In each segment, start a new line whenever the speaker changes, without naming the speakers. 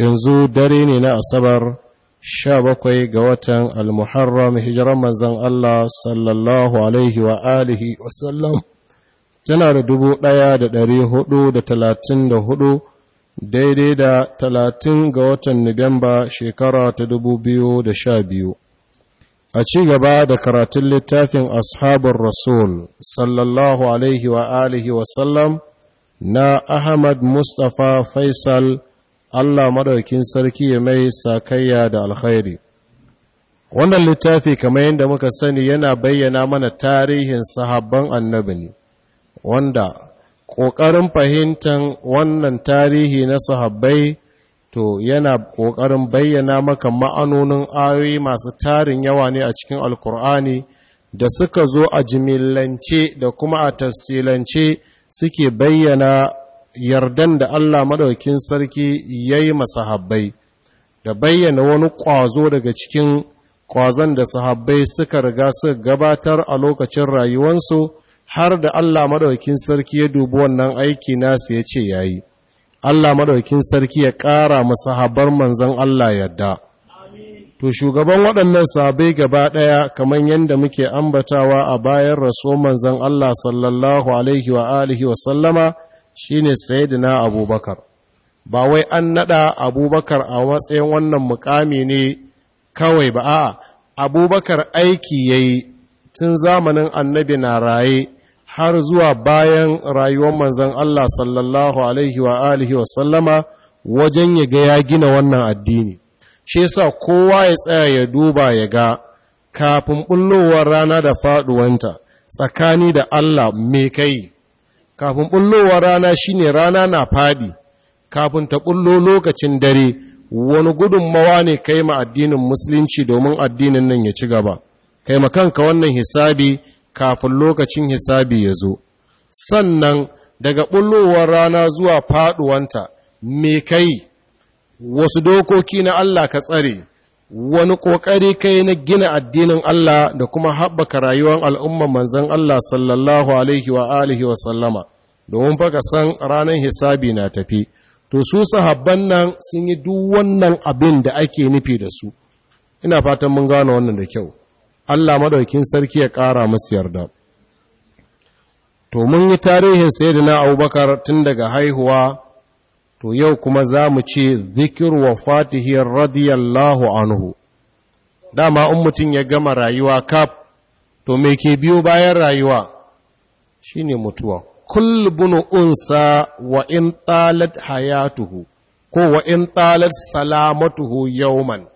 yanzu dare ne na asabar Sha bakwai ga watan al-muharram hijiran manzan Allah sallallahu alaihi wa alihi wasallam tana da talatin da hudu daidai da talatin ga watan Nuwamba shekara ta biyu a ci gaba da karatun littafin ashabun rasul sallallahu alaihi wa alihi wasallam na Ahmad Mustapha Faisal Allah madaukin sarki ya mai sakayya da alkhairi wannan littafi kamar yadda muka sani yana bayyana mana tarihin sahabban annabi ne wanda ƙoƙarin fahimtar wannan tarihi na sahabbai to yana ƙoƙarin bayyana maka ma'anonin ayoyi masu tarin yawa ne a cikin alkur'ani da suka zo a jimillance da kuma a tafsilance suke bayyana yardan da Allah maɗaukin sarki ya yi masahabbai da bayyana wani ƙwazo daga cikin ƙwazon da sahabbai suka riga suka gabatar a lokacin rayuwansu har da Allah maɗaukin sarki ya dubi wannan aiki nasu ya ce ya yi. Allah maɗaukin sarki ya ƙara masahabar Manzon Allah yarda. To, shugaban waɗannan sabai gaba ɗaya kamar yadda muke ambatawa a bayan raso manzan Allah sallallahu Alaihi wa alihi wa sallama, shine sayyidina abubakar ba wai an nada abubakar a matsayin wannan mukami ne kawai ba a'a abubakar aiki yayi tun zamanin annabi na raye har zuwa bayan rayuwar manzon Allah sallallahu alaihi wa alihi wa sallama wajen ya ga ya gina wannan addini shi yasa kowa ya tsaya ya duba ya ga kafin bullowar rana da faduwanta tsakani da Allah me kai kafin bullowa rana shine rana na faɗi kafin ta bullo lokacin dare wani gudunmawa ne kai ma addinin musulunci domin addinin nan ya ci gaba kai ma kanka wannan hisabi kafin lokacin hisabi ya zo sannan daga bullowar rana zuwa faɗuwanta me kai wasu dokoki na Allah ka tsare wani ƙoƙari kai na gina addinin Allah da kuma haɓaka rayuwar al'umma manzan Allah sallallahu alaihi wa alihi wa sallama domin faka san ranar hisabi na tafi to su sahabban nan sun yi duk wannan abin da ake nufi da su ina fatan mun gano wannan da kyau Allah maɗaukin sarki ya ƙara masu yarda to mun yi tarihin da na Abubakar tun daga haihuwa to yau kuma za mu ce zikir wa fatihi radiyallahu anhu dama in mutum ya gama rayuwa kaf to me ke biyo bayan rayuwa shine mutuwa kulbun unsa wa in talat hayatuhu ko wa in talat salamatuhu man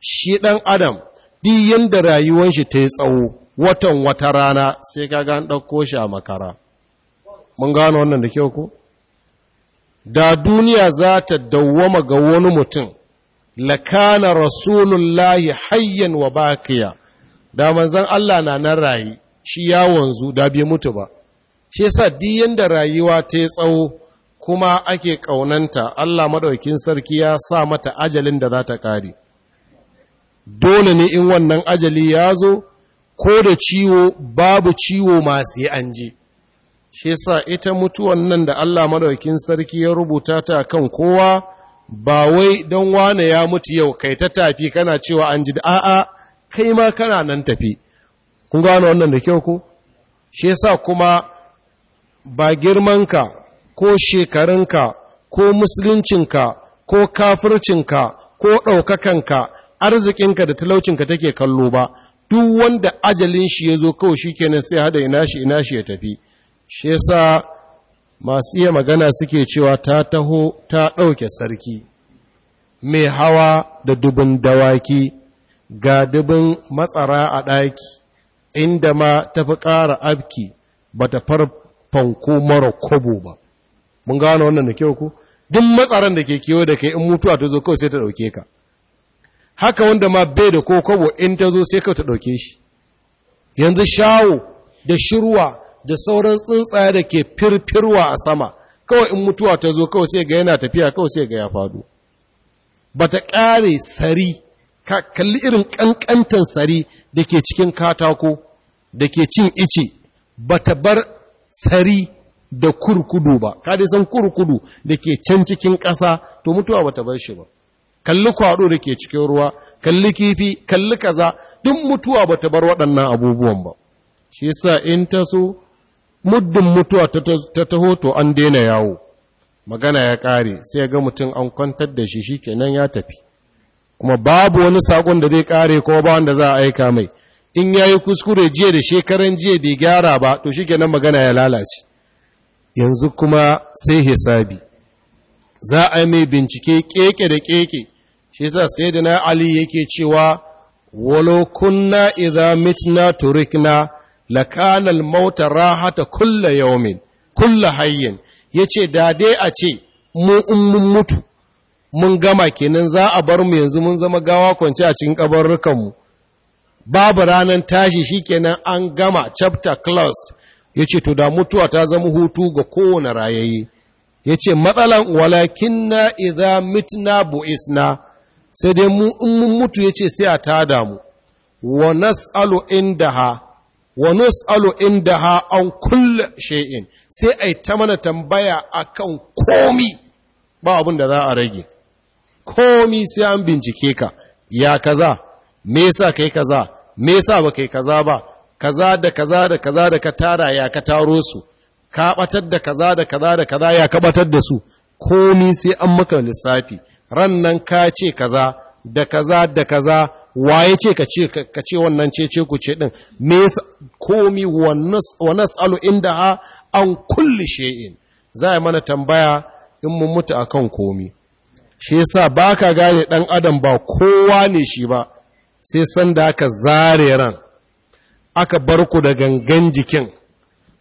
shi ɗan adam duk yanda rayuwar shi ta yi tsawo watan wata rana sai ka ga an shi a makara mun gano wannan da kyau ko da duniya za ta dawwama ga wani mutum lakana rasulullahi hayyan wa bakiya, da manzan Allah na nan rayi shi ya wanzu da bai mutu ba shi yasa duk yanda rayuwa ta tsawo kuma ake kaunanta Allah maɗaukin sarki ya sa mata ajalin da za ta kare dole ne in wannan ajali ya zo ko da ciwo babu ciwo ma sai an je shi sa ita mutuwan nan da Allah madaukin sarki ya rubuta ta kan kowa ba wai don wane ya mutu yau kai ta tafi kana cewa an ji a'a kai ma kana nan tafi kun gano wannan da kyau ku? shi sa kuma ba girmanka ko shekarunka ko musuluncinka ko kafircinka ko ɗaukakanka arzikinka da talaucinka take kallo ba duk wanda ajalin shi ya zo kawai shi kenan sai hada ina shi ina shi ya tafi shi yasa masu iya magana suke cewa ta taho ta ɗauke sarki mai hawa da dubin dawaki ga dubin matsara a ɗaki inda ma ta fi ƙara abki ba ta ko mara kobo ba mun gano wannan da kyau ku duk matsaran da ke kewa da kai in mutuwa ta zo kawai sai ta ɗauke ka haka wanda ma bai da ko kobo in ta zo sai kawai ta ɗauke shi yanzu shawo da shirwa da sauran tsuntsa da ke firfirwa a sama kawai in mutuwa ta zo kawai sai ga yana tafiya kawai sai ga ya fado ba ta ƙare sari kalli irin ƙanƙantan sari da ke cikin katako da ke cin ice ba ta bar sari da kurkudu ba ka dai san kurkudu da ke can cikin ƙasa to mutuwa ba ta bar shi ba kalli kwaɗo da ke cikin ruwa kalli kifi kalli kaza duk mutuwa ba ta bar waɗannan abubuwan ba shi yasa in ta so muddin mutuwa ta taho to an daina yawo magana ya ƙare sai ga mutum an kwantar da shi shikenan ya tafi kuma babu wani sakon da zai ƙare ko ba wanda za a aika mai in yayi kuskure jiya da shekaran jiya bai gyara ba to shikenan magana ya lalace yanzu kuma sai hisabi za a yi mai bincike keke da keke shi yasa sayyidina ali yake cewa walau kunna idza mitna turikna Lakanal mauta rahata kulla yawmin kulla hayyin yace da dai a ce mu in mun mutu mun gama kenan za a bar mu yanzu mun zama gawa kwance a cikin kabarrukan mu babu ranan tashi shikenan an gama chapter closed yace to da mutuwa ta zama hutu ga kowane rayaye yace matsalan walakinna idza mitna buisna sai dai mu in mun mutu yace sai a tada mu wa nas'alu indaha wa nus'alu indaha an kulle shay'in sai ai ta mana tambaya akan komi ba abin da za a rage komi sai an bincike ka ya kaza me yasa kai kaza me yasa ba kai kaza ba kaza da kaza da kaza da ka tara ya ka taro su ka batar da kaza da kaza da kaza ya ka batar da su komi sai an maka lissafi rannan ka ce kaza da kaza da kaza wa ya ce ka ce wannan ce-ce ku ce ɗin me komi wa nas'alu inda ha an kulle she'in za a mana tambaya in mun mutu akan komi shi yasa ba ka gane ɗan adam ba kowa ne shi ba sai sanda aka zare ran aka bar ku da gangan jikin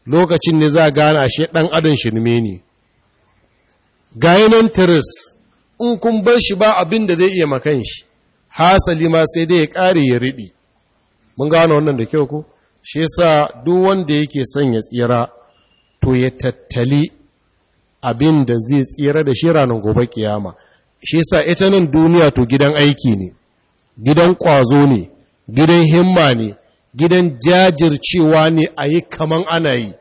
lokacin ne za a gane ashe ɗan adam shi ne ne gayanan teres in kun bar shi ba abin da zai iya makan shi hasali ma sai dai ya ƙare ya riɗi. mun gano wannan da kyau ku. shi duk wanda yake son ya tsira to ya tattali abin da zai tsira da shi ranar gobe kiyama shi sa ita nan duniya to gidan aiki ne gidan ƙwazo ne gidan himma ne gidan jajircewa ne a yi kaman ana yi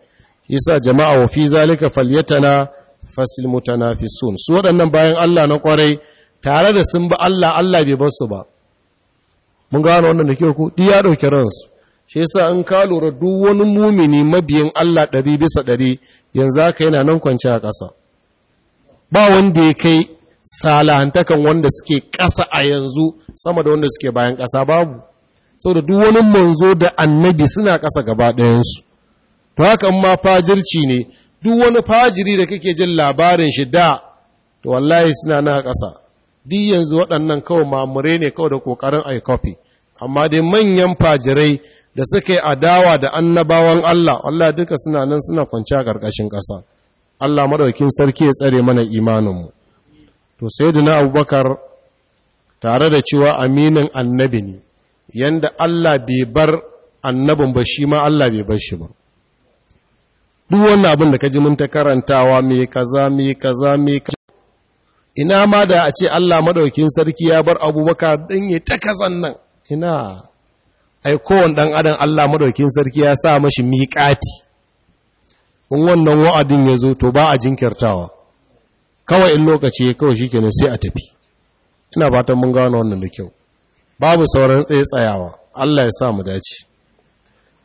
sa jama'a wa fi zalika na fasil mutanafisun su waɗannan bayan Allah na ƙwarai. tare da sun bi Allah Allah bai bar su ba mun gano wannan da ke ku di ya ɗauki ransu shi yasa in ka lura duk wani mumini mabiyin Allah ɗari bisa ɗari yanzu haka yana nan kwance a ƙasa ba wanda ya kai salahantakan wanda suke ƙasa a yanzu sama da wanda suke bayan ƙasa babu sau da duk wani manzo da annabi suna ƙasa gaba ɗayansu to haka ma fajirci ne duk wani fajiri da kake jin labarin shi da to wallahi suna na ƙasa duk yanzu waɗannan kawai mamure ne kawai da ƙoƙarin a kofi amma dai manyan fajirai da suka yi adawa da annabawan Allah Allah duka suna nan suna kwanci a ƙarƙashin ƙasa Allah maɗaukin sarki ya tsare mana imaninmu to sai na abubakar tare da cewa aminin annabi ne yanda Allah bai bar annabin ba shi ma Allah bai bar shi ba duk wannan abin da ka ji mun ta karantawa mai kaza mai kaza mai ina ma da a ce Allah madaukin sarki ya bar abubakar ɗin ya ta kasan nan ina ai kowane ɗan adam Allah madaukin sarki ya sa mashi miƙati in wannan wa'adin ya zo to ba a jinkirtawa kawai in lokaci ya kawai shi sai a tafi ina fatan mun gano wannan da kyau babu sauran tsaye tsayawa Allah ya sa mu dace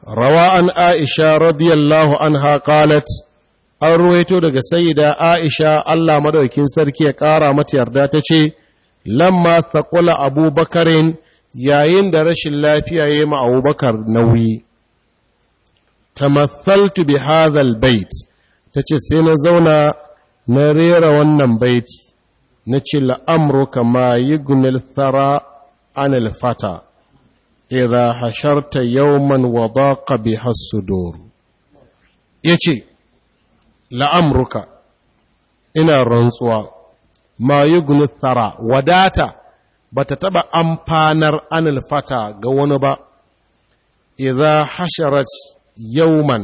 rawa an aisha radiyallahu anha qalat an ruwaito daga saida aisha Allah madaukin sarki ya ƙara mata yarda ta ce lamma taqula abubakarin yayin da rashin lafiya ya ma abubakar nauyi tamathaltu bi hadhal bait tace sai na zauna na rera wannan bait na ce la'amruka ma yugnil thara an fata idha hasharta yawman wadaqa bi hasudur yace la'amruka ina rantsuwa ma yugnu thara wadata bata taɓa amfanar anil fata ga wani ba idza hasharat yauman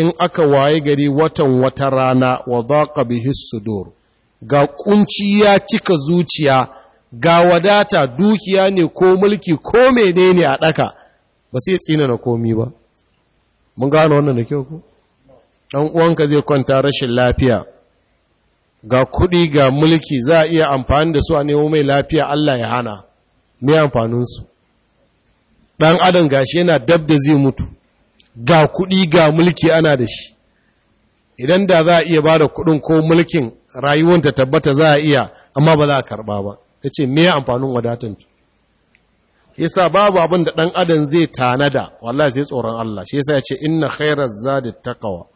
in aka waye gari watan wata rana wa dhaqa sudur ga ƙunci ya cika zuciya ga wadata dukiya ne ko mulki ko menene a ɗaka? ba sai tsina na komi ba mun gano wannan da kyau ko ɗan uwanka zai kwanta rashin lafiya ga kuɗi ga mulki za a iya amfani da su a nemo mai lafiya Allah ya hana mai amfaninsu ɗan adam gashi yana dab da zai mutu ga kuɗi ga mulki ana da shi idan da za a iya ba da kuɗin ko mulkin rayuwan ta tabbata za a iya amma ba za a karɓa ba ta ce me amfanin wadatan shi yasa babu abin da ɗan adam zai tanada wallahi sai tsoron Allah shi yasa ya ce inna khairar zadi takawa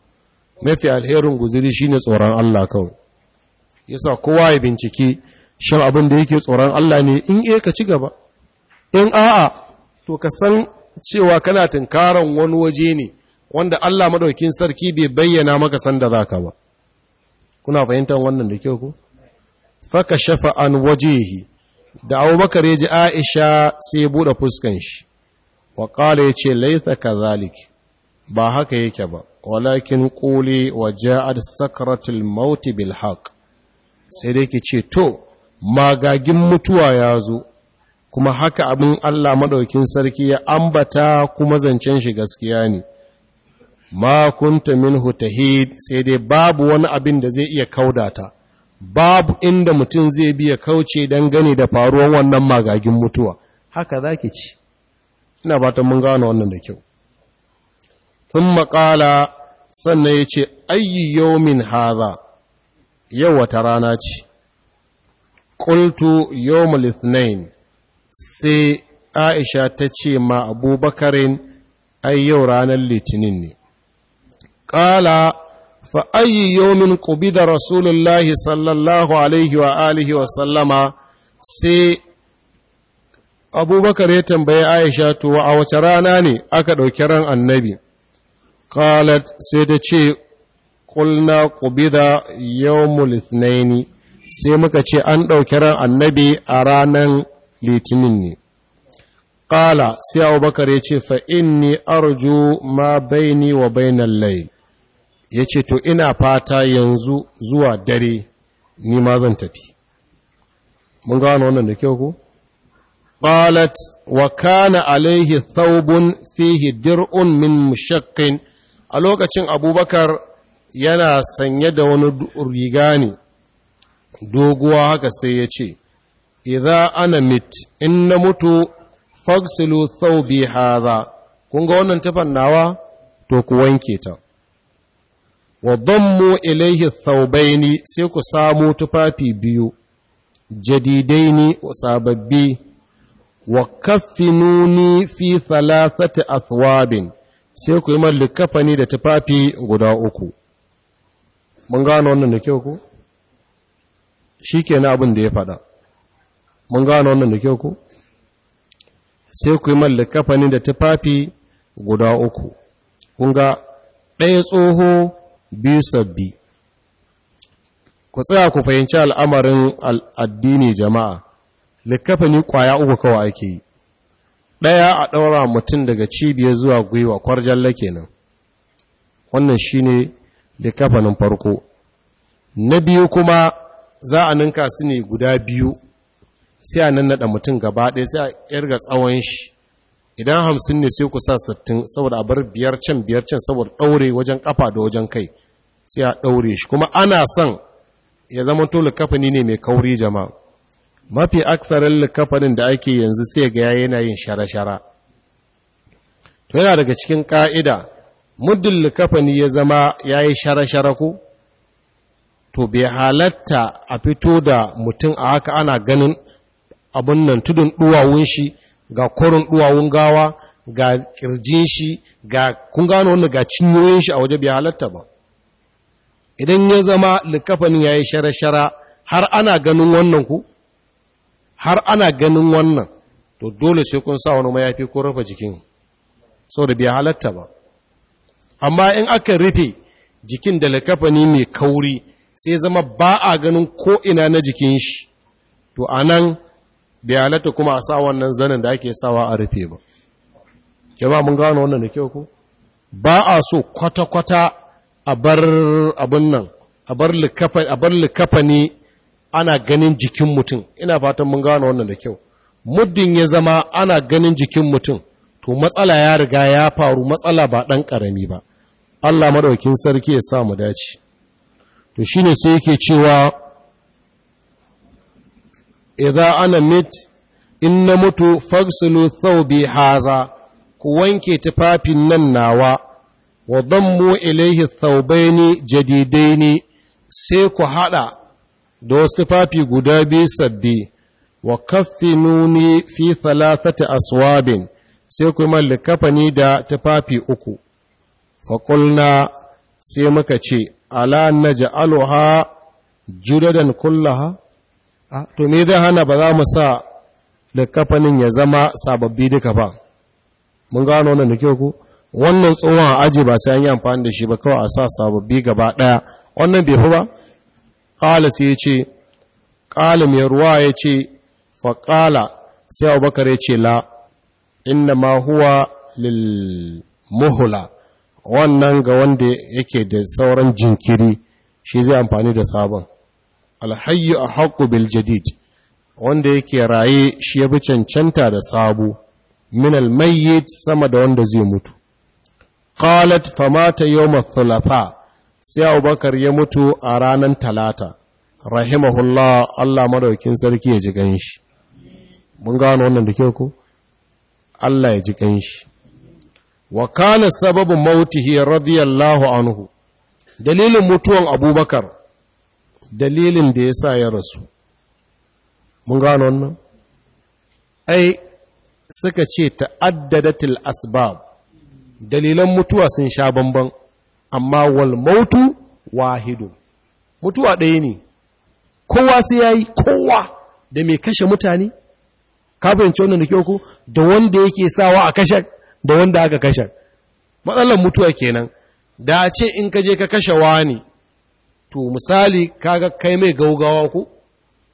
mafi alherin guziri shine tsoron Allah kawai yasa kowa ya bincike shin abin da yake tsoron Allah ne in eh ka ci gaba in a'a to ka san cewa kana tunkaran wani waje ne wanda Allah madaukin sarki bai bayyana maka san da zaka ba kuna fahimtar wannan da kyau ko faka shafa an wajehi da abu maka yaji Aisha sai ya bude fuskan shi wa ya yace laifaka kadhalik ba haka yake ba walakin wa ja'ad sakratul maut bil haqq sai dai ki ce to magagin mutuwa ya zo kuma haka abin Allah madaukin sarki ya ambata kuma zancen shi gaskiya ne ma kunta minhu tahid sai dai babu wani abin da zai iya kaudata babu inda mutum zai biya kauce dan gane da faruwar wannan magagin mutuwa haka zaki ci ina fatan mun gano wannan da kyau sun maƙala sannan ya ce ayyi yomin haza yau wata rana ce ƙultu yawmul ithnain sai aisha ta ce ma abubakarin ai yau ranar litinin ne ƙala fa ayyi yawmin da rasulullahi sallallahu alaihi wa alihi wa sallama sai abubakar ya tambaye aisha to a wace rana ne aka ɗauki ran annabi qalat sai ta ce qulna qubida yawmul ithnaini sai muka ce an ɗauki ran annabi a ranar litinin ne qala sai abubakar ya ce fa inni arju ma baini wa bainal layl yace to ina fata yanzu zuwa dare ni ma zan tafi mun gano wannan da kyau ko قالت وكان عليه ثوب فيه درء من مشق a lokacin abubakar yana sanye da wani riga ne doguwa haka sai ya ce Iza ana mit in na mutu fagsilu thawbi haza, kun ga wannan tufan nawa to ku wanke ta wa mu ilaihi thawbaini sai ku samu tufafi biyu jadidai ni sababbi wa kafinuni fi thalathati athwabin sai ku yi mallikafani da tufafi guda uku mun gano wannan da kyau ku shi ke na abin da ya faɗa mun gano wannan da kyau ku sai ku yi mallikafani da tufafi guda uku kun ga ɗaya tsoho biyu sabbi ku tsaya ku fahimci al'amarin addini jama'a likafani ƙwaya uku kawai ake yi ɗaya a ɗaura mutum daga cibiyar zuwa gwiwa kwarjalla kenan wannan shine likafanin farko na biyu kuma za a ninka su ne guda biyu sai a nan naɗa mutum gaba ɗaya sai a ƙirga tsawon shi idan hamsin ne sai ku sa sittin saboda a bar biyar can biyar can saboda ɗaure wajen ƙafa da wajen kai sai a ɗaure shi kuma ana son ya zama to likafani ne mai kauri jama'a mafi aksarin likafanin da ake yanzu sai ga yana yin shara-shara to yana daga cikin ƙa'ida muddin likafani ya zama ya yi shara-shara ko to bai halatta a fito da mutum a haka ana ganin abin nan tudun ɗuwawun shi ga kwarin duwawun gawa ga ƙirjin shi ga kun gano wanda ga cinyoyin shi a waje bai halatta ba idan ya zama likafani ya yi shara-shara har ana ganin wannan ku har ana ganin wannan to dole sai kun sa wani mayafi ko rufe jikin da bai halatta ba amma in aka rufe jikin da likafani mai kauri sai zama ba a ganin ko'ina na jikin shi to anan bai halatta kuma a sa wannan zanen da ake sawa a rufe ba jama'a mun gano wannan da kyau ko ba a so kwata-kwata a bar abin nan a bar likafani ana ganin jikin mutum ina fatan mun gano wannan da kyau muddin ya zama ana ganin jikin mutum to matsala ya riga ya faru matsala ba ɗan karami ba Allah maɗaukin sarki ya sa mu dace to shine sai yake cewa idza ana mit in na mutu fagsulu thawbi haza ku wanke tufafin nan nawa wa dammu ilaihi thawbaini jadidaini sai ku hada da wasu tufafi guda biyu sabbi wa kaffinuni fi thalathati aswabin sai kuma likafani da tufafi uku faƙulna sai muka ce ala na ja'aluha judadan kullaha to me zai hana ba za mu sa likafanin ya zama sababbi duka ba mun gano wannan da ku wannan tsohon aji ba sai an yi amfani da shi ba kawai a sa sababbi gaba ɗaya wannan bai fi ba ƙala sai ya ce ƙala mai ruwa ya ce faƙala sai abubakar ya ce la inda ma huwa lil wannan ga wanda yake da sauran jinkiri shi zai amfani da sabon alhayyu a haƙo biljadid wanda yake raye shi ya fi cancanta da sabo min almayyit sama da wanda zai mutu qalat famata yawm thulatha sai abubakar ya mutu a ranar talata rahimahullah Allah madaukin sarki ya ji ganshi mun gano wannan da ke ku. Allah ya ji ganshi wa kana sababu mautihi radiyallahu anhu dalilin mutuwan abubakar dalilin da ya sa ya rasu mun gano wannan ai suka ce ta'addadatil asbab dalilan mutuwa sun sha bambam amma wal mautu wahidu mutuwa ɗaya ne kowa sai ya yi kowa da mai kashe mutane ka wannan da kyau ku da wanda yake sawa a kashe da wanda aka kashe matsalar mutuwa kenan da ce in kaje ka kashe wani to misali kaga kai mai gaugawa ku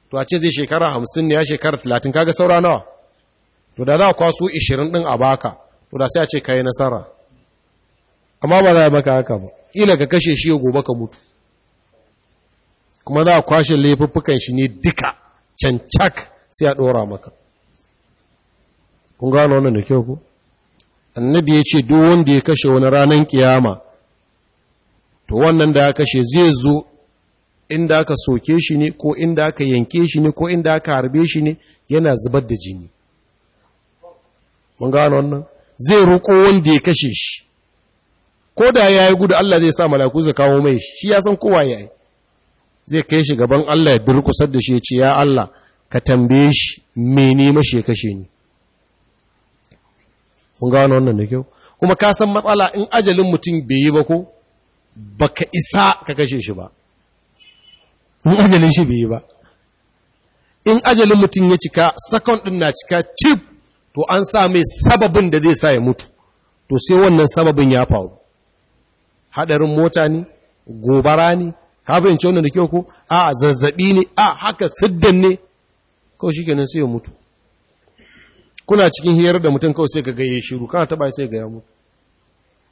to a ce zai shekara hamsin ne ya shekara talatin kaga saura nawa to da za a kwaso ishirin ɗin a baka to da sai a ce ka yi nasara amma ba za a maka haka ba ila ka kashe shi gobe ka mutu kuma za a kwashe laifuffukan shi ne duka cancak sai a ɗora maka kun gano wannan da kyau ku annabi ya ce duk wanda ya kashe wani ranar kiyama to wannan da ya kashe zai zo inda aka soke shi ne ko inda aka yanke shi ne ko inda aka harbe shi ne yana zubar da jini mun gano wannan zai roƙo wanda ya kashe shi ko da ya yi gudu Allah zai sa malaku su kawo mai shi ya san kowa ya yi zai kai shi gaban Allah ya durkusar da shi ya ce ya Allah ka tambaye shi mene mashi ya kashe ni Kun gano wannan da kyau kuma ka san matsala in ajalin mutum bai yi ba ko ba ka isa ka kashe shi ba in ajalin shi bai yi ba in ajalin mutum ya cika sakon ɗin na cika cif to an sa mai sababin da zai sa ya mutu to sai wannan sababin ya faru hadarin mota ne gobara ne kafin ce wannan da kyau ko a zazzabi ne a haka siddan ne kawai shi kenan sai ya mutu kuna cikin hiyar da mutum kawai sai ka gaye shiru kana taba sai ga ya mutu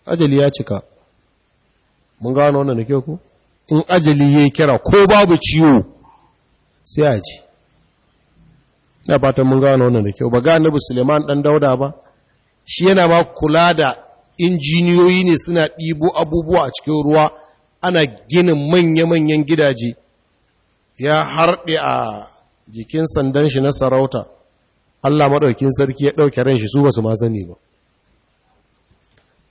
ajali ya cika mun gano wannan da kyau ko in ajali ya kira ko babu ciwo sai a ji na fatan mun gano wannan da kyau ba ga annabi Suleiman dan Dauda ba shi yana ma kula da injiniyoyi ne suna ɗibo abubuwa a cikin ruwa ana ginin manya-manyan gidaje ya harɗe a jikin sandan shi na sarauta Allah maɗaukin sarki ya ɗauke ran shi su ba su ma sani ba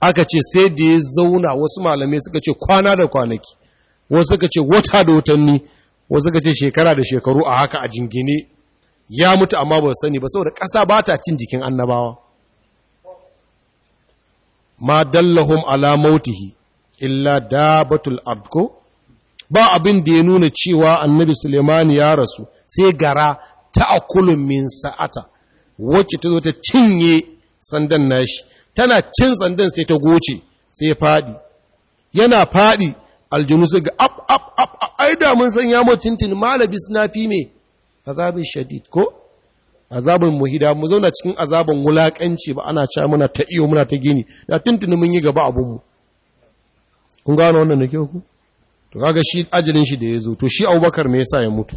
aka ce sai da ya zauna wasu malamai suka ce kwana da kwanaki wasu suka ce wata da watanni wasu suka ce shekara da shekaru a haka a jingine ya mutu amma ba sani ba saboda ƙasa ba ta cin jikin annabawa ma dallahum ala mautihi illa dabatul abko ba abin da ya nuna cewa annabi Suleimani ya rasu sai gara ta akulun min sa'ata wacce ta zo ta cinye sandan nashi tana cin sandan sai ta goce sai faɗi. yana faɗi aljinu sai ga ap ap ap ai da mun san ya mutuntun malabi suna fi me azabi shadid ko azabin muhida mu zauna cikin azabin wulakanci ba ana cewa muna ta iyo muna ta gini da tuntuni mun yi gaba abinmu kun gano wannan da ke ku to kaga shi ajalin shi da ya zo to shi abubakar me yasa ya mutu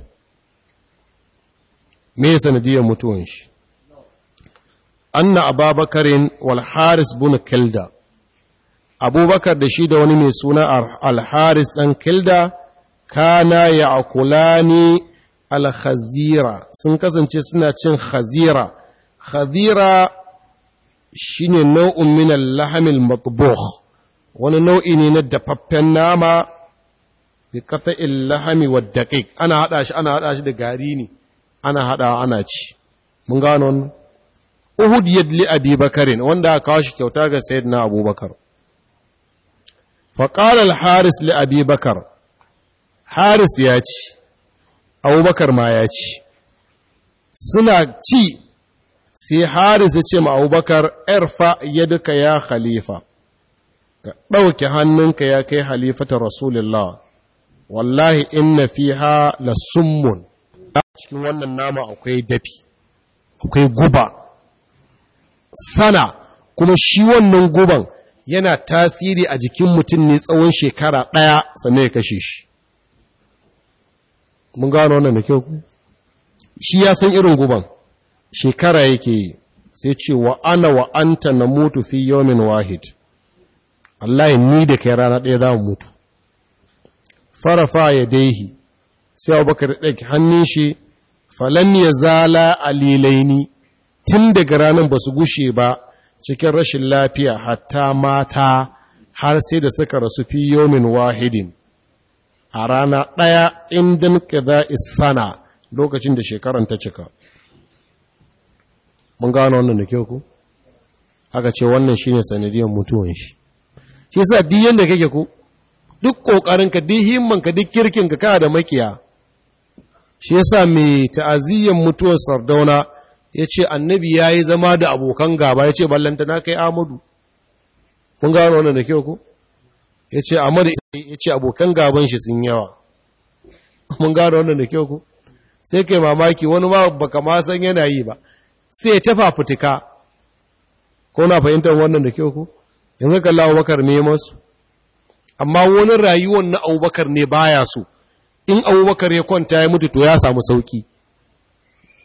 me ya sanadiyar mutuwan shi anna ababakarin wal haris bin kilda abubakar da shi da wani mai suna al haris dan kilda kana ya akulani al sun kasance suna cin khazira khazira shine nau'un minan al-lahamil wani nau'i ne na dafaffen nama bi qata'il lahami wa daqiq ana hada shi ana hada shi da gari ne ana hada ana ci mun gano wannan Uhud yadli Abi Bakarin wanda aka kawo shi kyauta ga na Abubakar فقال الحارس لأبي Haris ya ci. abubakar ma ya ci suna ci sai haris ya ce ma abubakar erfa duka ya khalifa ka ɗauki hannunka ya kai ta rasulullah wallahi inna fiha la summun cikin wannan nama akwai dafi akwai guba sana kuma shi wannan guban yana tasiri a jikin mutum ne tsawon shekara ɗaya sannan ya kashe shi mun gano wannan da kyau ku shi ya san irin guban shekara yake yi sai ce wa ana wa anta na mutu fi yomin wahid Allah ni da kai rana ɗaya za mu mutu farafa ya daihi sai abubakar ɗauki hannun shi falan ya zala lilaini tun daga ranar ba su gushe ba cikin rashin lafiya hatta mata har sai da suka rasu fi yomin wahidin a rana ɗaya indin ƙida isana lokacin da shekaran ta cika mun gano wannan da kyau ku aka ce wannan shine sanadiyar mutuwan shi shi sa duk yanda kake ku duk ƙoƙarinka duk himmanka duk kirkinka kana da makiya shi sa mai ta'aziyyar mutuwar sardauna ya ce annabi ya yi zama da abokan gaba ya ce ballanta na kai amadu Mun gano wannan da kyau ku ya ce amur ya ce abokan gaban shi sun yawa mun gano wannan da kyau ku sai kai mamaki wani ma baka ma san yana yi ba sai ya tafa fitika ko na fahimtar wannan da kyau ku yanzu kalla abubakar ne masu amma wani rayuwar na abubakar ne baya so in abubakar ya kwanta ya mutu to ya samu sauki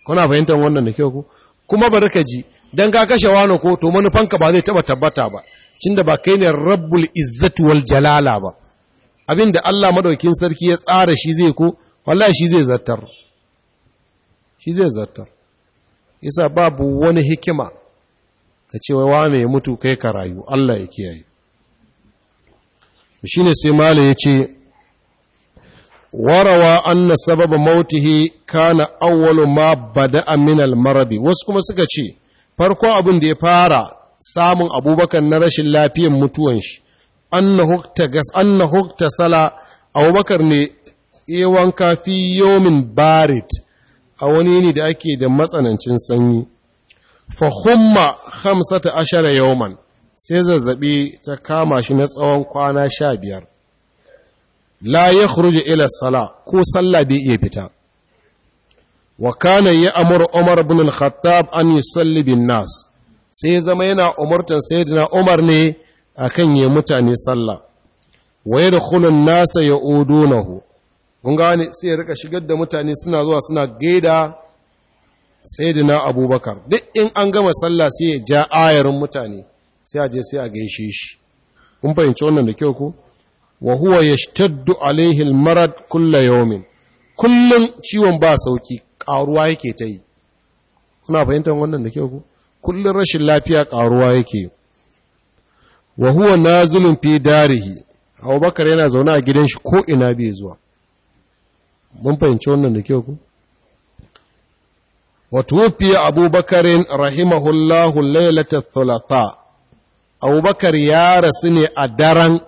kuna fahimtar wannan da kyau ku kuma bari ka ji dan ka kashe wani ko to manufanka ba zai taba tabbata ba cinda ba kai ne rabbul izzati wal jalala ba abinda Allah madaukin sarki ya tsara shi zai ko wallahi shi zai zartar shi zai zartar yasa babu wani hikima ka ce wa mai mutu kai ka rayu Allah ya kiyaye shine sai mala yace warawa anna sababa mautihi kana awwalu ma bada'a min al marabi. wasu kuma suka ce farko abin da ya fara samun abubakar na rashin lafiyan mutuwan shi anna hukta sala abubakar ne 'Ewan, wanka fi yomin barit a wani ne da ake da matsanancin sanyi fahimma hamsata ashara yawman sai zazzabi ta kama shi na tsawon kwana sha biyar la ya khruji ila sala ko sallah bai iya fita wa kana ya amur umar bin al-khattab an yi bin nasu. sai ya zama yana umartan sayyidina Umar ne akan ya mutane sallah wa yadkhulun nasa ya'udunahu kun gane sai ya rika shigar da mutane suna zuwa suna gaida sayyidina Abubakar duk in an gama sallah sai ya ja ayarin mutane sai a je sai a gaishe shi kun fahimci wannan da kyau ko wa huwa yashtaddu alaihi almarad kullu yawmin kullum ciwon ba sauki karuwa yake ta yi kuna fahimtar wannan da kyau ku kullum rashin lafiya ƙaruwa yake wa huwa nazilun fi darihi abubakar yana zaune a gidan shi ko ina bai zuwa mun fahimci wannan da kyau ku wa tuwfiya abubakarin rahimahullahu lailatul thulatha abubakar ya rasu ne a daren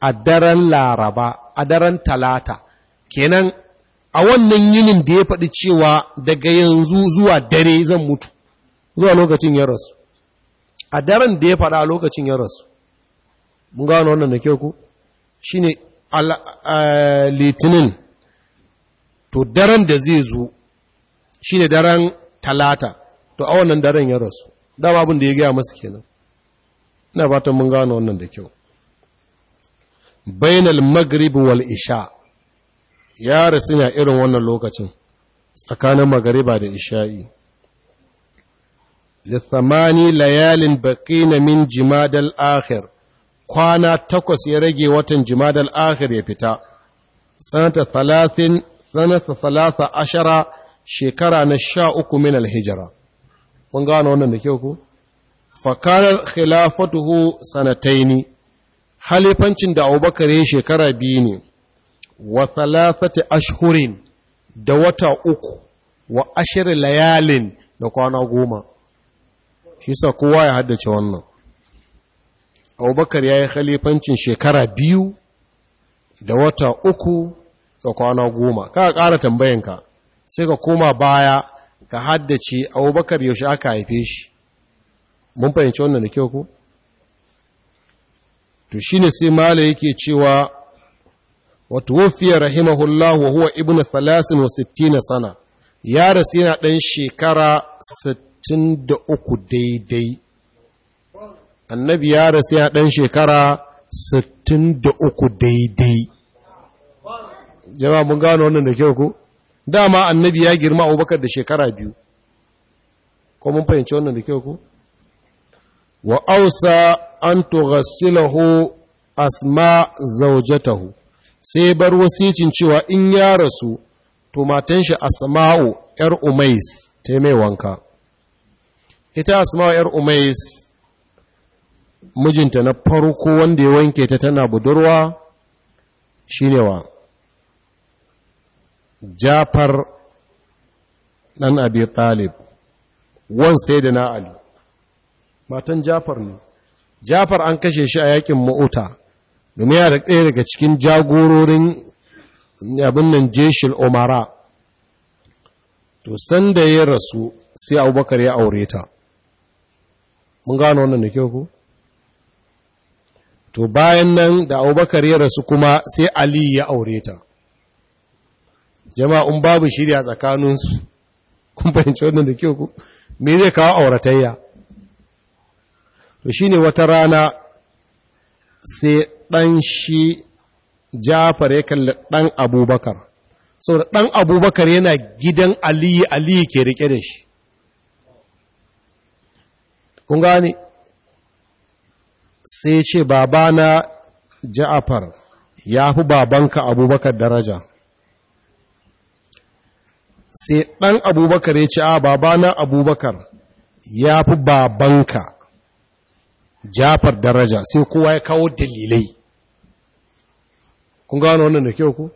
a daren laraba a daren talata kenan a wannan yinin da ya faɗi cewa daga yanzu zuwa dare zan mutu zuwa lokacin ya rasu a daren da ya faɗa a lokacin ya rasu mun gano wannan da kyau ku shi ne litinin to daren da zai zo shi ne daren talata to a wannan daren ya rasu dama abin da ya gaya masu kenan ina fatan mun gano wannan da kyau bainal magrib wal isha ya rasu na irin wannan lokacin tsakanin magariba da isha'i lithamani layalin baƙina min jimadal akhir kwana takwas ya rage watan jimadal akhir ya fita sanata talatin sanata talata ashara shekara na sha uku min alhijira kun gano wannan da kyau ku fakanar khilafatuhu sanataini halifancin da abubakar ya shekara biyu ne wa thalathati ashhurin da wata uku wa ashirin layalin da kwana goma shi sa kowa ya haddace wannan abubakar ya yi khalifancin shekara biyu da wata uku da kwana goma ka ƙara tambayanka sai ka koma baya ka haddace abubakar yaushe aka haife shi mun fahimci wannan da kyau ku to shine sai mala yake cewa wata tuwfiya rahimahullah wa huwa wa sittina sana ya rasu yana dan shekara sittin da uku daidai annabi ya rasu ya ɗan shekara sittin da uku daidai jama'a mun gano wannan da kyau ko dama annabi ya girma abubakar da shekara biyu ko mun fahimci wannan da kyau ko wa ausa an tughassilahu asma zawjatahu sai bar wasicin cewa in ya rasu to matan shi asma'u yar umais taimai wanka ita asma yar umais mijinta na farko wanda ya wanke ta tana budurwa shine wa Jafar ɗan Abi Talib wan na Ali matan Jafar ne Jafar an kashe shi a yakin Mu'uta domin ya ɗaya daga cikin jagororin abin nan Jeshil Umara to sanda ya rasu sai Abubakar ya aure ta mun gano wannan da kyau ku to bayan nan da abubakar ya rasu kuma sai ali ya aure ta jama'un babu shirya tsakaninsu kun fahimci wannan da kyau ku me zai kawo auratayya to shi ne wata rana sai ɗan shi jafar ya kalli ɗan abubakar saboda ɗan abubakar yana gidan aliyu aliyu ke rike da shi kun gani sai ce babana ja'afar ya fi babanka abubakar daraja sai ɗan abubakar ya ce a babana abubakar ya fi babanka jafar daraja sai kowa ya kawo dalilai kun gano wannan da kyau ku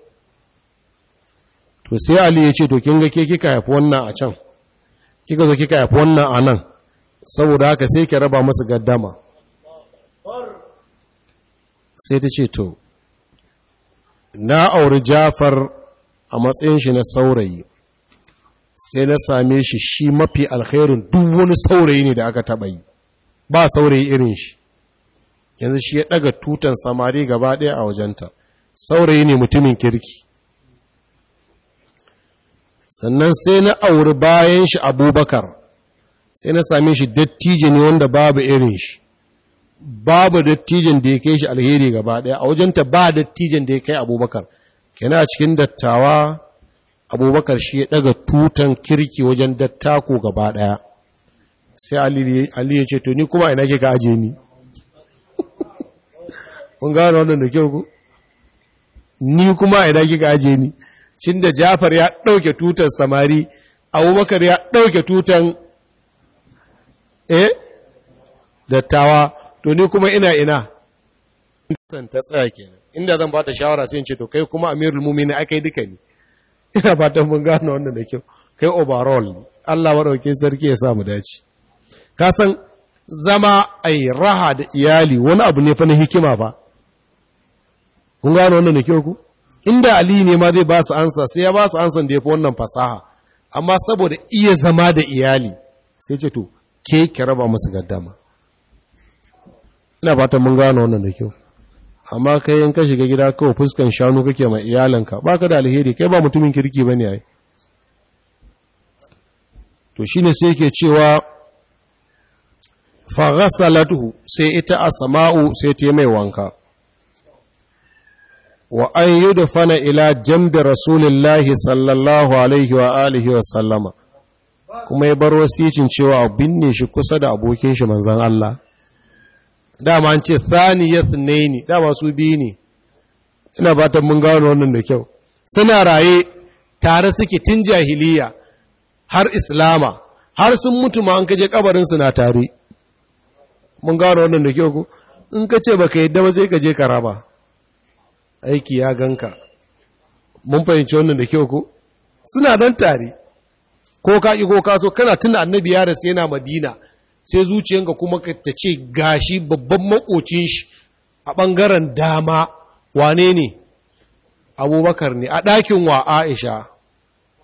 to sai ali ya ce to kin ga ke kika haifi wannan a can kika zo kika haifi wannan a nan saboda haka sai ke raba masu gaddama sai ta ce to na auri jafar a matsayin shi na saurayi sai na same shi shi mafi alherin duk wani saurayi ne da aka taɓa yi ba saurayi irin shi yanzu shi ya ɗaga tutan samari gaba ɗaya a wajenta saurayi ne mutumin kirki sannan sai na auri bayan shi abubakar sai na same shi dattijan ne wanda babu irin shi babu dattijan da ya kai shi alheri gaba daya a wajenta ba dattijan da ya kai abubakar kena cikin dattawa abubakar shi ya daga tutan kirki wajen dattako gaba daya sai ali ya ce to ni kuma ina ke ka aje ni kun gano wannan da kyau ku ni kuma ina ke ka aje ni cin da jafar ya ɗauke tutan samari abubakar ya ɗauke tutan eh dattawa to ni kuma ina ina san ta tsaya kenan inda zan ba ta shawara sai in ce to kai kuma amirul mu'minin akai duka ne. ina fatan mun gano wannan da kyau kai overall Allah madaukakin sarki ya sa mu dace ka san zama ai raha da iyali wani abu ne fa na hikima ba. kun gano wannan da kyau ku inda Ali ne ma zai ba su ansa sai ya ba su ansan da yafi fi wannan fasaha amma saboda iya zama da iyali sai ce to ke ki raba musu gaddama ina fatan mun gano wannan da kyau amma kai in ka shiga gida kawai fuskan shanu kake ma iyalanka ba ka da alheri kai ba mutumin kirki ba ne ai to shi ne sai ke cewa fa sai ita asma'u sai ta mai wanka wa an fana ila jambi rasulillahi sallallahu alaihi wa alihi wa sallama kuma ya bar wasicin cewa a binne shi kusa da abokin shi manzan Allah dama an ce thaniyat naini dama su biyu ne ina fatan mun gano wannan da kyau suna raye tare suke tun jahiliya har islama har sun mutu ma an kaje kabarin su na tare mun gano wannan da kyau ko in ka ce baka yadda ba sai ka je ka raba aiki ya ganka mun fahimci wannan da kyau ko suna dan tare ko ka ki ko ka so kana tuna annabi ya rasu yana madina sai zuciyanka kuma ta ce gashi babban makocin shi a ɓangaren dama wane ne abubakar ne a ɗakin wa aisha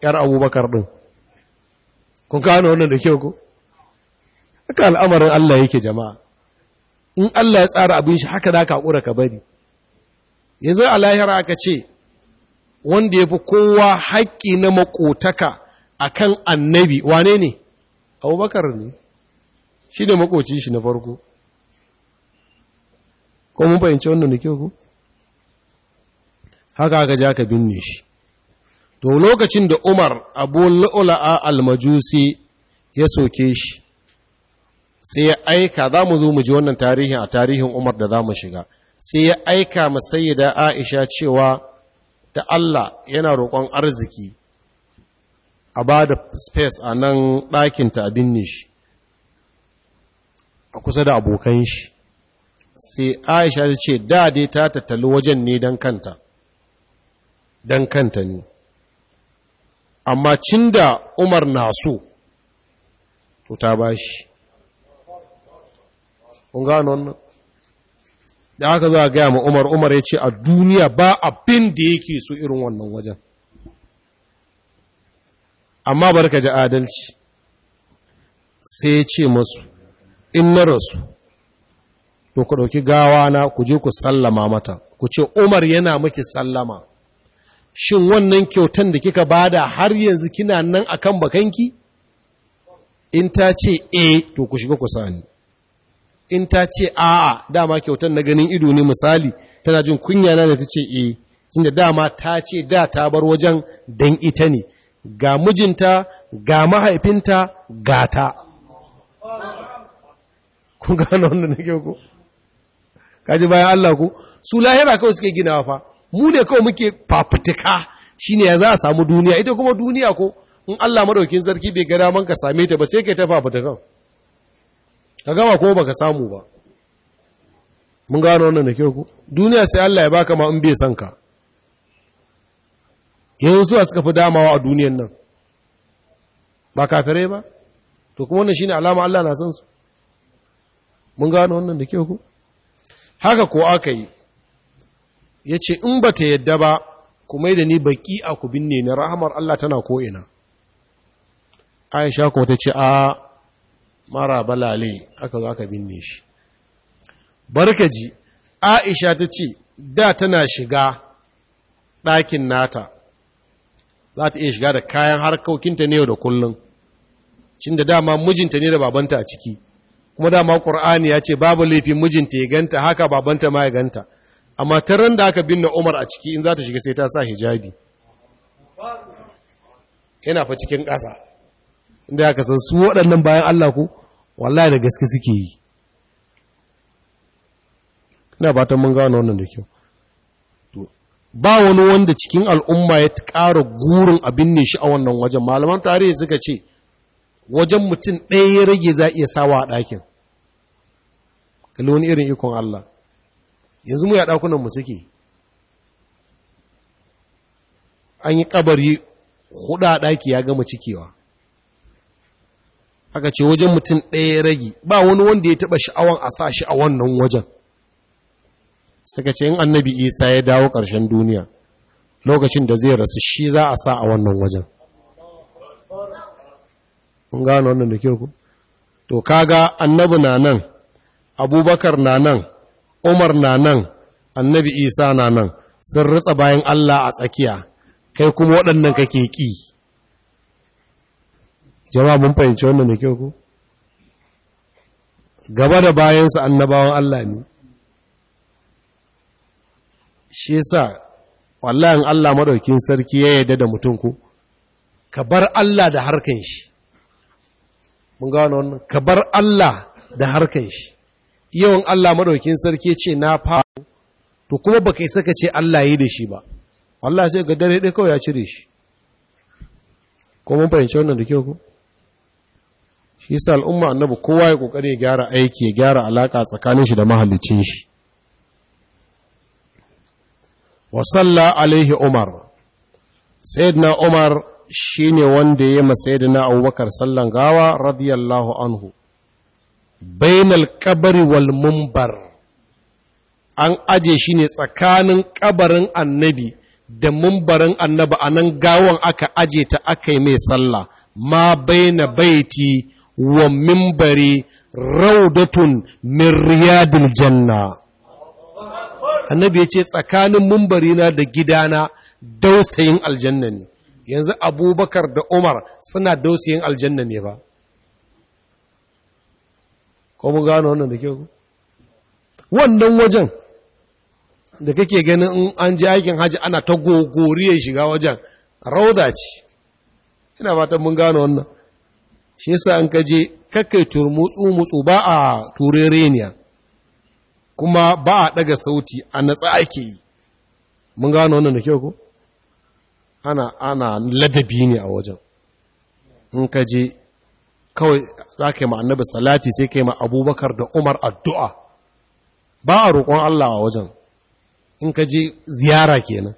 ƴar abubakar ɗin kun kano wannan da kyau ko? haka al'amarin Allah yake jama'a in Allah ya tsara abin shi haka za ka ka bari yanzu a lahira aka ce wanda ya fi kowa haƙƙi na maƙotaka akan annabi wane ne abubakar ne shi ne makoci shi na farko ko mun fahimci wannan da kyau ku haka aka ja ka binne shi to lokacin da umar abu al almajusi ya soke shi sai ya aika za mu zo mu ji wannan tarihin a tarihin umar da za mu shiga sai ya aika ma sayyida aisha cewa da allah yana roƙon arziki a ba da space a nan ɗakinta a binne shi a kusa da abokan shi sai aisha da ce da dai ta tattali wajen ne don kanta don kanta ne amma cin da umar na so to ta ba shi kun gano wannan da aka za a gaya ma umar umar ya ce a duniya ba abin da yake so irin wannan wajen amma barka ji adalci sai ya ce masu in na rasu to ku ɗauki gawa na ku je ku sallama mata ku ce umar yana miki sallama shin wannan kyautan da kika bada har yanzu kina nan a akan bakanki in ta ce e to ku shiga ku sani in ta ce a'a dama kyautan na ganin ido ne misali tana jin kunya na da ta ce e eh, da dama ta ce da ta bar wajen dan ita ne ga mijinta ga mahaifinta ga ta kun gano wanda ke ku kaji bayan Allah ku su lahira kawai suke ginawa fa mu ne kawai muke fafutuka shine ya za a samu duniya ita kuma duniya ko in Allah madaukin sarki bai gada man ka same ta ba sai kai ta fafutukan ka gama ko baka samu ba mun gano wannan na kyau ku duniya sai Allah ya baka ma in bai san ka yanzu a suka fi damawa a duniyan nan ba kafirai ba to kuma wannan shine alama Allah na san mun gano wannan da kyau ku haka ko aka yi yace in bata yadda ba kuma da ni baki a ku binne ni rahamar Allah tana ko'ina. Aisha kuma ta ce a mara balale aka zo aka binne shi barkaji Aisha ta ce da tana shiga ɗakin nata za ta iya shiga da kayan harkokinta ne yau da kullum cin da dama mijinta ne da babanta a ciki kuma dama ƙur'ani ya ce babu laifin mijinta ya ganta haka babanta ma ya ganta amma ta ran da aka binne umar a ciki in za ta shiga sai ta sa hijabi yana fa cikin ƙasa inda aka san su waɗannan bayan Allah ku wallahi da gaske suke yi ina batan mun gano wannan da kyau ba wani wanda cikin al'umma ya ƙara gurin abin ne shi a wannan wajen malaman tarihi suka ce wajen mutum ɗaya ya rage za iya sawa a ɗakin kalli irin ikon Allah yanzu mu ya ɗakunan mu suke an yi ƙabari huɗa a ɗaki ya gama cikewa aka ce wajen mutum ɗaya ya rage ba wani wanda ya taɓa sha'awan a sa shi a wannan wajen suka ce in annabi isa ya dawo ƙarshen duniya lokacin da zai rasu shi za a sa a wannan wajen kun gano wannan da kyau ku to kaga annabi na nan abubakar na nan umar na nan annabi isa na nan sun ritsa bayan allah a tsakiya kai kuma waɗannan kake ƙi jama'a mun fahimci wannan da kyau ku gaba da bayansa annabawan allah ne shi yasa wallahi Allah madaukin sarki ya yarda da mutum ko ka bar Allah da harkan shi mun gano wannan ka bar Allah da harkan shi yawan Allah madaukin sarki ce na fa to kuma baka isa ka ce Allah yi da shi ba wallahi sai ga dare dai kawai ya cire shi ko mun fahimci wannan da kyau ko shi yasa al'umma annabi kowa ya kokari ya gyara aiki ya gyara alaka tsakanin shi da mahallicin shi wasalla alaihi umar sayyidina umar shine wanda ya ma sayyidina abubakar sallan gawa radiyallahu anhu bainal kabari wal mumbar an aje shi ne tsakanin kabarin annabi da mumbarin annabi a nan gawon aka aje ta aka yi mai sallah ma baina baiti wa mimbari raudatun min riyadil janna annabi ya ce tsakanin mumbarina da gidana dausayin aljanna ne yanzu abubakar da umar suna dausayin aljanna ne ba ko mun gano wannan da kyau wannan wajen da kake ganin in an ji aikin haji ana ta gogoriyar shiga wajen rauda ce ina fatan mun gano wannan shi yasa an kaje kakkai turmutsu mutsu ba a turereniya kuma ba a ɗaga sauti a natsa ake yi mun gano wannan da kyau ko ana ana ladabi ne a wajen in ka je kawai za ka yi ma annabi salati sai ka yi ma abubakar da umar addu'a ba a roƙon Allah a wajen in ka je ziyara kenan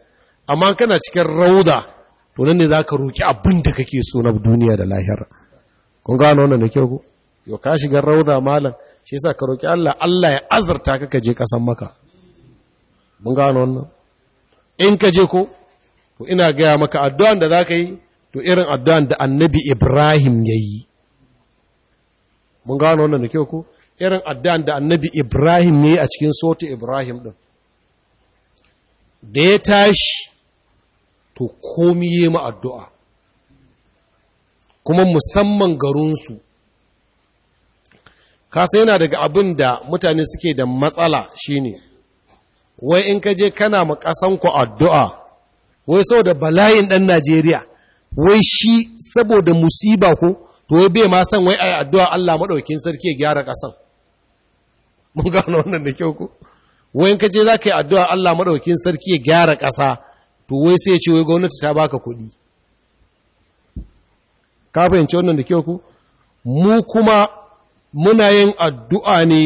amma kana cikin rauda to nan ne za ka roƙi abin da kake so na duniya da lahira kun gano wannan da kyau ko yau ka shiga rauda malam shi sa ka roƙi Allah Allah ya azarta ka kaje je kasan maka mun gano wannan in ka je ko to ina gaya maka addu'an da zaka yi to irin addu'an da Annabi Ibrahim ya yi. mun gano wannan da kyau ko irin addu'an da Annabi Ibrahim ya yi a cikin sota Ibrahim ɗin, da ya tashi to komi yi ma addu'a kuma musamman garinsu kasa yana daga abin da mutane suke da matsala shine wai in ka je kana ma ƙasanku addu'a wai saboda bala'in ɗan Najeriya wai shi saboda musiba ko to wai bai ma san wai ai addu'a Allah maɗaukin sarki ya gyara ƙasan mun gano wannan da kyau ko wai in ka je za ka yi addu'a Allah maɗaukin sarki ya gyara ƙasa to wai sai ce wai gwamnati ta baka kuɗi ka fahimci wannan da kyau ko mu kuma muna yin addu'a ne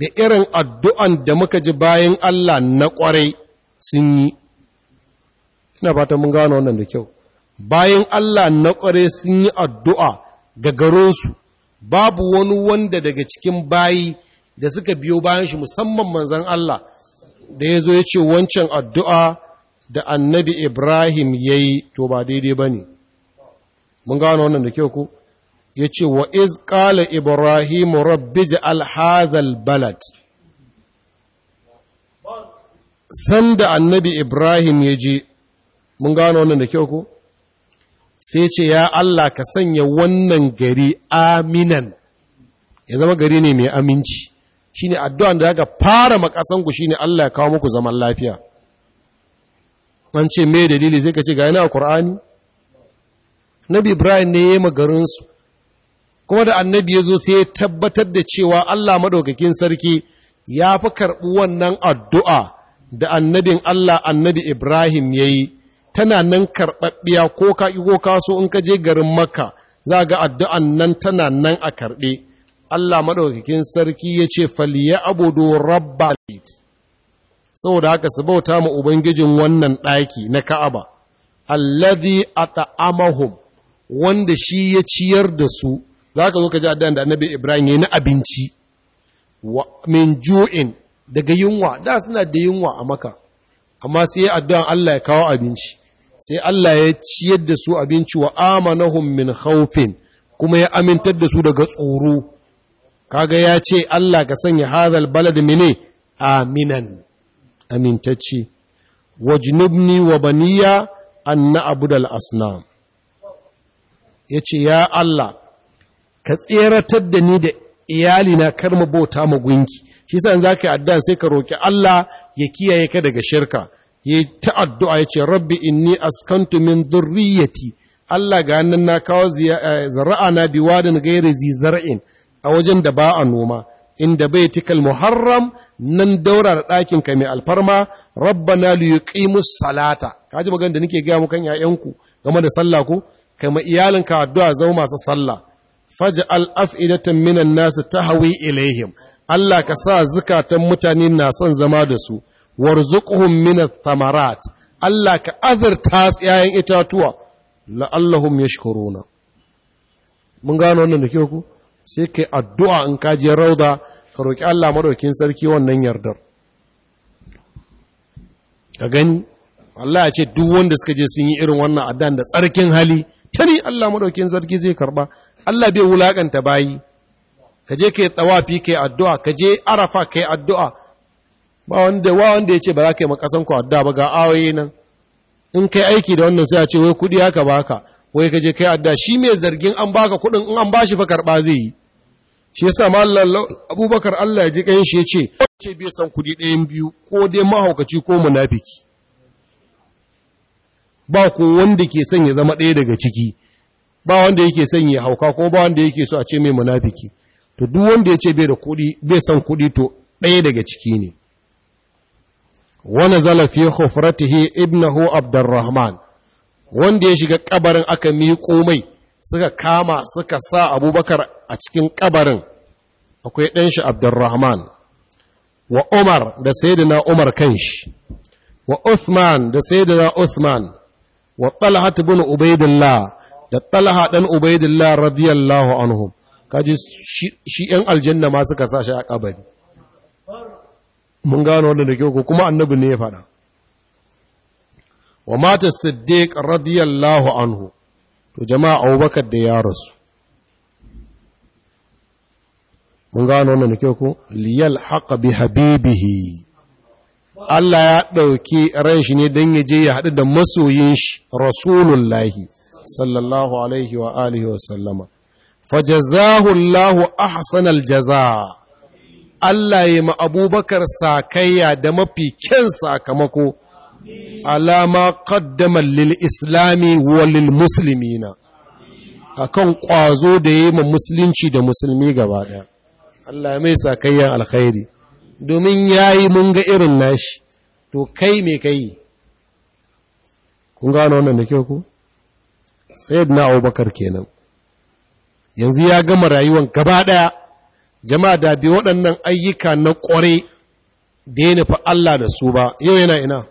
da irin addu'an da muka ji bayan Allah na ƙwarai sun yi. Ina fata mun gano wannan da kyau. Bayan Allah na ƙwarai sun yi addu'a ga garinsu, babu wani wanda daga cikin bayi da suka biyo bayan shi musamman manzan Allah da ya zo ya ce wancan addu'a da annabi Ibrahim ya yi to ba daidai ba ne. Mun gano wannan da kyau ku? ya ce wa iz ƙala ibrahimu rabbi ja'al hadhal balad sanda annabi ibrahim ya je mun gano wannan da kyau ko sai ce ya Allah ka sanya wannan gari aminan ya zama gari ne mai aminci shine addu'an da aka fara makasan ku shine Allah ya kawo muku zaman lafiya an ce me dalili sai ka ce ga yana Qur'ani Nabi Ibrahim ne ya yi su kuma da annabi ya zo sai ya tabbatar da cewa Allah madaukakin sarki ya fi karɓi wannan addu'a da annabin Allah annabi Ibrahim ya yi, tana nan karɓaɓɓiya ko ka ko kaso in ka je garin Makka za ga addu'an nan tana nan a karɓe. Allah madaukakin sarki ya ce faliya abudu rabba saboda haka su bauta ma Ubangijin wannan ɗaki na Ka'aba, allazi a ta'amahum wanda shi ya ciyar da su za ka zo ka ji addu'an da annabi ibrahim ya yi na abinci min ju'in daga yunwa da suna da yunwa a maka amma sai addu'a, Allah ya kawo abinci sai Allah ya ciyar da su abinci wa amanahum min haufin kuma ya amintar da su daga tsoro kaga ya ce Allah ka sanya hazal balad mini aminan amintacce wajnubni wa baniya an na'budal asnam ce ya Allah ka tseratar da ni da iyalina kar mu bauta mu gunki shi yasa in zaka yi addu'a sai ka roki Allah ya kiyaye ka daga shirka ya ta addu'a ya ce rabbi inni askantu min dhurriyyati Allah ga nan na kawo eh, zara'a na biwadin gairi zi zar'in a wajen da ba a noma inda bai tikal muharram nan daura da ɗakin ka mai alfarma rabbana li yuqimus salata kaji magana da nake gaya mu kan yayanku game da sallah ko kai ma iyalinka addu'a zama masu sallah faj'al af'idatan minan ta tahwi ilayhim Allah ka sa zukatan mutane na son zama da su warzuqhum mina thamarat Allah ka azurta tsayayen itatuwa la'allahum yashkuruna mun gano wannan da ke ku sai kai addu'a in ka je rauda ka roki Allah madaukakin sarki wannan yardar ka gani Allah ya ce duk wanda suka je sun yi irin wannan addan da tsarkin hali tani Allah maɗaukin sarki zai karɓa. Allah bai wulakanta bayi ka je ka yi tsawafi ka yi addu'a ka je arafa ka yi addu'a ba wanda wa wanda yace ba za ka yi makasan ku addu'a ba ga awaye nan in yi aiki da wannan sai a ce wai kudi haka ba ka. wai ka je ka yi addu'a shi mai zargin an baka kudin in an ba shi fa ba zai yi shi yasa mallan abubakar Allah ya ji shi yace ce bai san kudi ɗayan biyu ko dai mahaukaci ko munafiki ba ko wanda ke son ya zama ɗaya daga ciki ba wanda yake son ya hauka ko ba wanda yake so a ce mai munafiki to duk wanda ya ce bai da kuɗi bai son kuɗi to ɗaya daga ciki ne wani zalafi hufratihi ibnahu abdurrahman wanda ya shiga ƙabarin aka miƙo mai suka kama suka sa abubakar a cikin ƙabarin, akwai ɗan ɗanshi abdurrahman wa umar da sayyidina umar kanshi wa uthman da sayyidina uthman wa talhat ibn ubaidullah da talha ɗan ubaidillah radiyallahu anhum kaji shi ‘yan aljanna ma suka sa shi a ƙabari mun gano wanda da kyau kuma annabi ne ya faɗa wa mata siddiq radiyallahu anhu to jama'a abubakar da ya rasu mun gano wanda da kyau ku liyal haqa bi habibihi Allah ya ɗauki ran shi ne don ya je ya haɗu da masoyin shi rasulullahi sallallahu alaihi wa alihi wa sallama fajazahu Allahu ahsanal jaza Allah ya ma Abubakar sakayya da mafi kyan sakamako alama ƙaddamar lil islami wa lil muslimina akan ƙwazo da yayi ma musulunci da musulmi gaba daya Allah mai sakayya alkhairi domin yayi mun ga irin nashi to kai mai kai kun gano wannan da kyau ku na abubakar kenan yanzu ya gama rayuwan gaba ɗaya jama'a da bi waɗannan ayyuka na ƙware da ya nufi Allah da su ba yau yana ina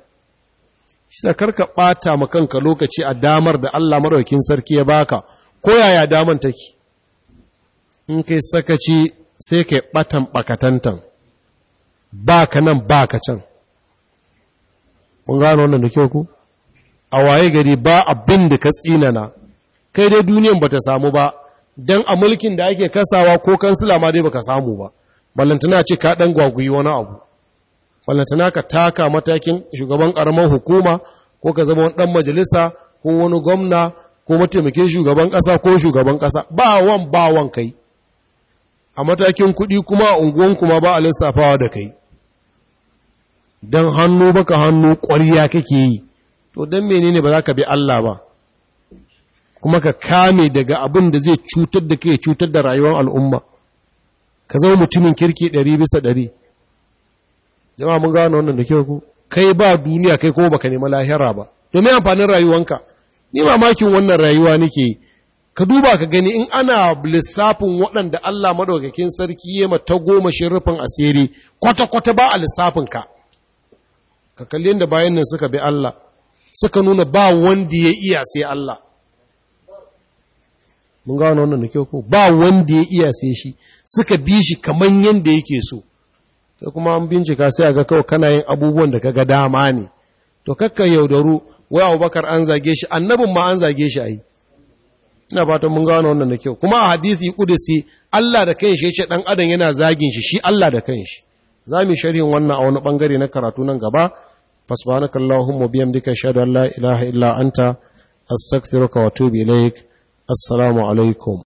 shi da karka ɓata ma kanka lokaci a damar da Allah maɗaukin sarki ya baka ko yaya daman take in kai sakaci sai kai ɓatan ɓakatantan ba ka nan ba ka can mun gano wannan da kyau ku a waye gari ba abin da ka tsinana kai dai duniyan ba ta samu ba don a mulkin da ake kasawa ko kansila ma dai ba ka samu ba ballantana ce ka ɗan gwagwi wani abu ballantana ka taka matakin shugaban ƙaramar hukuma ko ka zama wani ɗan majalisa ko wani gwamna ko mataimakin shugaban ƙasa ko shugaban ƙasa ba wan ba wan kai a matakin kuɗi kuma a unguwan kuma ba a lissafawa da kai don hannu baka hannu ƙwariya kake yi to don menene ba za ka bi Allah ba kuma ka kame daga abin da zai cutar da kai cutar da rayuwar al'umma ka zama mutumin kirki ɗari bisa ɗari jama'a mun gano wannan da kyau ku kai ba duniya kai ko baka nema lahira ba domin amfanin rayuwanka ni mamakin wannan rayuwa nake yi ka duba ka gani in ana lissafin waɗanda Allah maɗaukakin sarki yema ta goma rufin asiri kwata-kwata ba a lissafinka ka kalli yadda bayan nan suka bi Allah suka nuna ba wanda ya iya sai Allah mun ga wannan kyau ko ba wanda ya iya sai shi suka bi shi kamar yanda yake so Ta kuma an bincika sai a ga kawai kana yin abubuwan da kaga dama ne to kakka yaudaru wai Abubakar an zage shi annabin ma an zage shi yi. ina fatan mun gano wannan da kyau kuma a hadisi kudusi Allah da kanshi ce ɗan adam yana zagin shi shi Allah da kanshi zamu sharhin wannan a wani ɓangare na karatu nan gaba fasbanaka Allahumma biyamdika ashhadu an la ilaha illa anta astaghfiruka wa atubu ilaik assalamu alaikum